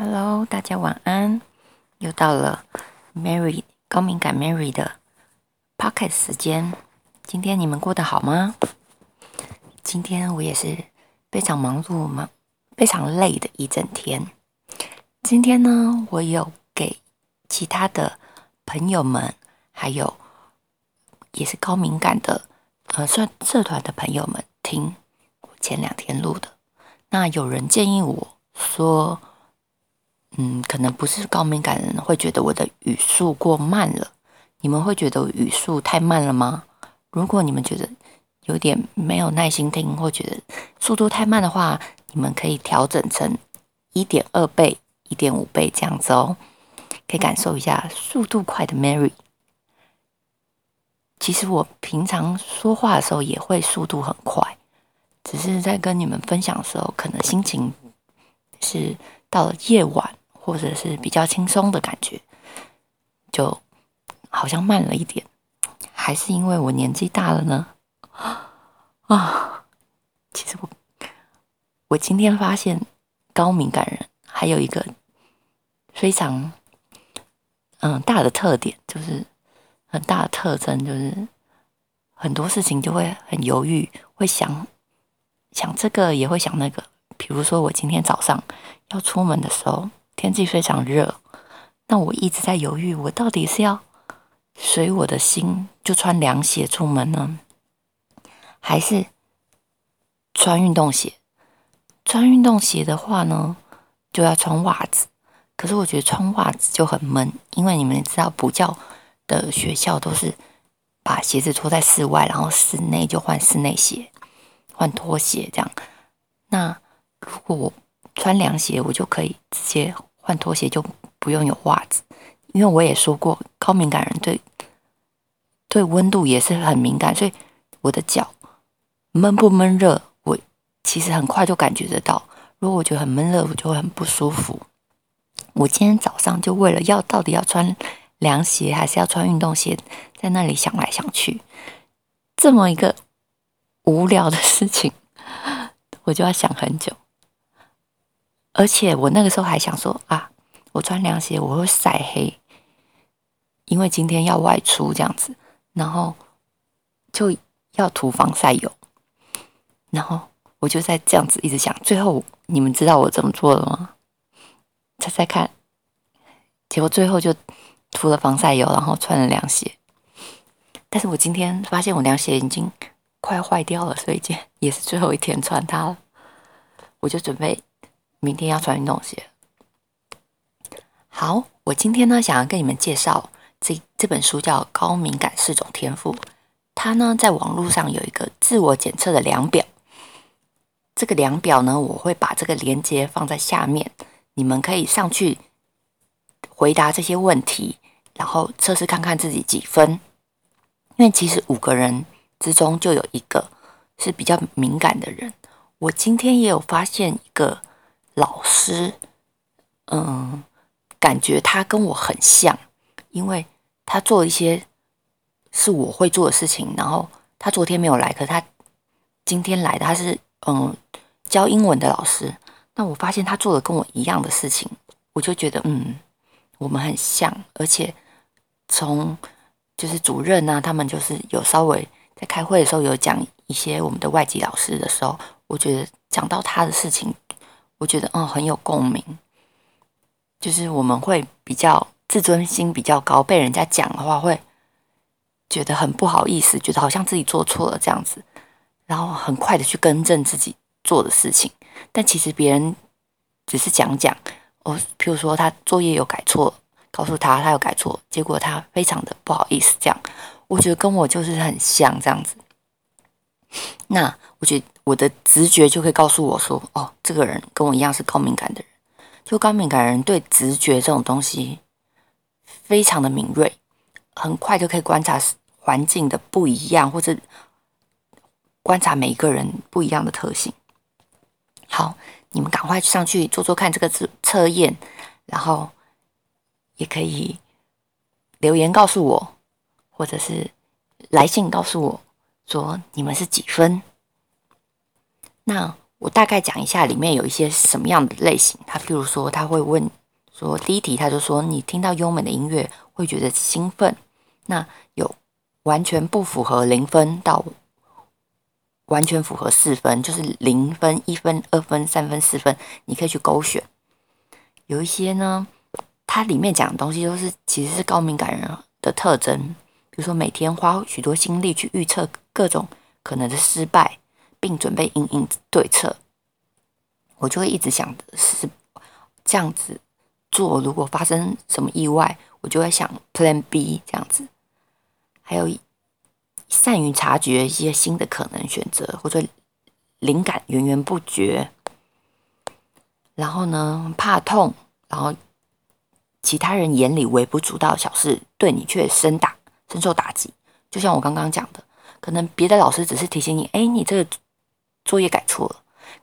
Hello，大家晚安！又到了 Mary 高敏感 Mary 的 Pocket 時間。今天你們過得好嗎？今天我也是非常忙碌嘛，非常累的一整天。今天呢，我有給其他的朋友們，還有也是高敏感的，呃，算社團的朋友們聽我前兩天錄的。那有人建議我說。嗯，可能不是高敏感人會覺得我的語速過慢了。你們會覺得我語速太慢了嗎？如果你們覺得有點沒有耐心聽，或覺得速度太慢的話，你們可以調整成一點二倍、一點五倍這樣子哦，可以感受一下速度快的 Mary。其實我平常說話的時候也會速度很快，只是在跟你們分享的時候，可能心情是到了夜晚。或者是比較輕鬆的感覺，就，好像慢了一點，還是因為我年紀大了呢？啊、哦，其實我，我今天發現高敏感人還有一個非常嗯大的特點，就是很大的特徵就是很多事情就會很猶豫，會想想這個也會想那個，比如說我今天早上要出門的時候。天氣非常熱，那我一直在猶豫，我到底是要隨我的心就穿涼鞋出門呢，還是穿運動鞋？穿運動鞋的話呢，就要穿襪子。可是我覺得穿襪子就很悶，因為你們知道補教的學校都是把鞋子脫在室外，然後室內就換室內鞋，換拖鞋這樣。那如果我穿涼鞋，我就可以直接。換拖鞋就不用有襪子，因為我也說過，高敏感人對對溫度也是很敏感，所以我的腳悶不悶熱，我其實很快就感覺得到。如果我覺得很悶熱，我就會很不舒服。我今天早上就為了要到底要穿涼鞋還是要穿運動鞋，在那裡想來想去，這麼一個無聊的事情，我就要想很久。而且我那個時候還想說啊，我穿涼鞋，我會曬黑，因為今天要外出這樣子，然後就要塗防曬油，然後我就在這樣子一直想，最後你們知道我怎麼做的嗎？猜猜看？結果最後就塗了防曬油，然後穿了涼鞋。但是我今天發現我涼鞋已經快壞掉了，所以就也是最後一天穿它了。我就準備。明天要穿運動鞋。好，我今天呢，想要跟你們介紹這這本書，叫《高敏感是種天賦》。它呢，在網絡上有一個自我檢測的量表。這個量表呢，我會把這個連接放在下面，你們可以上去回答這些問題，然後測試看看自己幾分。因為其實五個人之中就有一個是比較敏感的人。我今天也有發現一個。老師，嗯，感覺他跟我很像，因為他做一些是我會做的事情。然後他昨天沒有來，可是他今天來的，他是嗯教英文的老師。那我發現他做的跟我一樣的事情，我就覺得嗯，我們很像。而且從就是主任吶，他們就是有稍微在開會的時候有講一些我們的外籍老師的時候，我覺得講到他的事情。我覺得，哦，很有共鳴。就是我們會比較自尊心比較高，被人家講的話會覺得很不好意思，覺得好像自己做錯了這樣子，然後很快的去更正自己做的事情。但其實別人只是講講，哦，譬如說他作業有改錯，告訴他他有改錯，結果他非常的不好意思這樣。我覺得跟我就是很像這樣子。那我覺得。我的直覺就可以告訴我說：“哦，這個人跟我一樣是高敏感的人。就高敏感的人對直覺這種東西非常的敏銳，很快就可以觀察環境的不一樣，或者觀察每一個人不一樣的特性。”好，你們趕快去上去做做看這個測驗，然後也可以留言告訴我，或者是來信告訴我說你們是幾分。那我大概講一下裡面有一些什麼樣的類型。他譬如說，他會問說，第一題他就說，你聽到優美的音樂會覺得興奮？那有完全不符合零分到完全符合四分，就是零分、一分、二分、三分、四分，你可以去勾選。有一些呢，它裡面講的東西都是其實是高敏感人的特徵，比如說每天花許多精力去預測各種可能的失敗。並準備因應對策，我就會一直想的是這樣子做。如果發生什麼意外，我就會想 Plan B 這樣子。還有善於察覺一些新的可能選擇，或者靈感源源不絕。然後呢，怕痛，然後其他人眼裡微不足道的小事，對你卻深打深受打擊。就像我剛剛講的，可能別的老師只是提醒你，哎、欸，你這個。作業改錯了，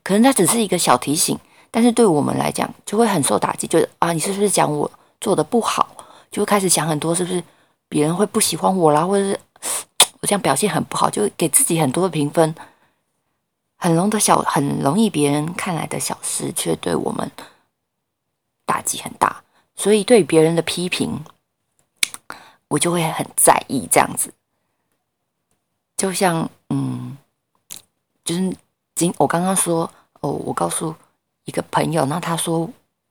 可能他只是一個小提醒，但是對我們來講就會很受打擊，就啊，你是不是講我做的不好，就會開始想很多，是不是別人會不喜歡我啦，或者是我這樣表現很不好，就給自己很多的評分。很容的小，很容易別人看來的小事，卻對我們打擊很大。所以對別人的批評，我就會很在意這樣子。就像嗯，就是。今我剛剛說哦，我告訴一個朋友，那他說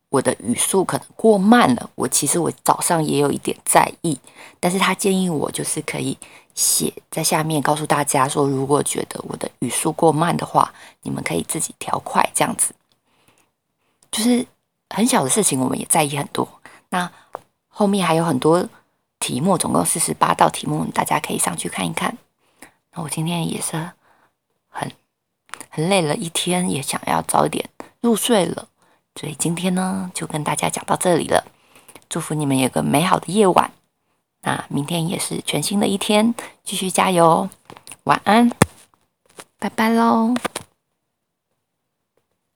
我的語速可能過慢了。我其實我早上也有一點在意，但是他建議我就是可以寫在下面告訴大家說，如果覺得我的語速過慢的話，你們可以自己調快這樣子。就是很小的事情，我們也在意很多。那後面還有很多題目，總共48道題目，大家可以上去看一看。那我今天也是很。很累了一天，也想要早點入睡了，所以今天呢就跟大家講到這裡了。祝福你們有個美好的夜晚，那明天也是全新的一天，繼續加油哦！晚安，拜拜嘍。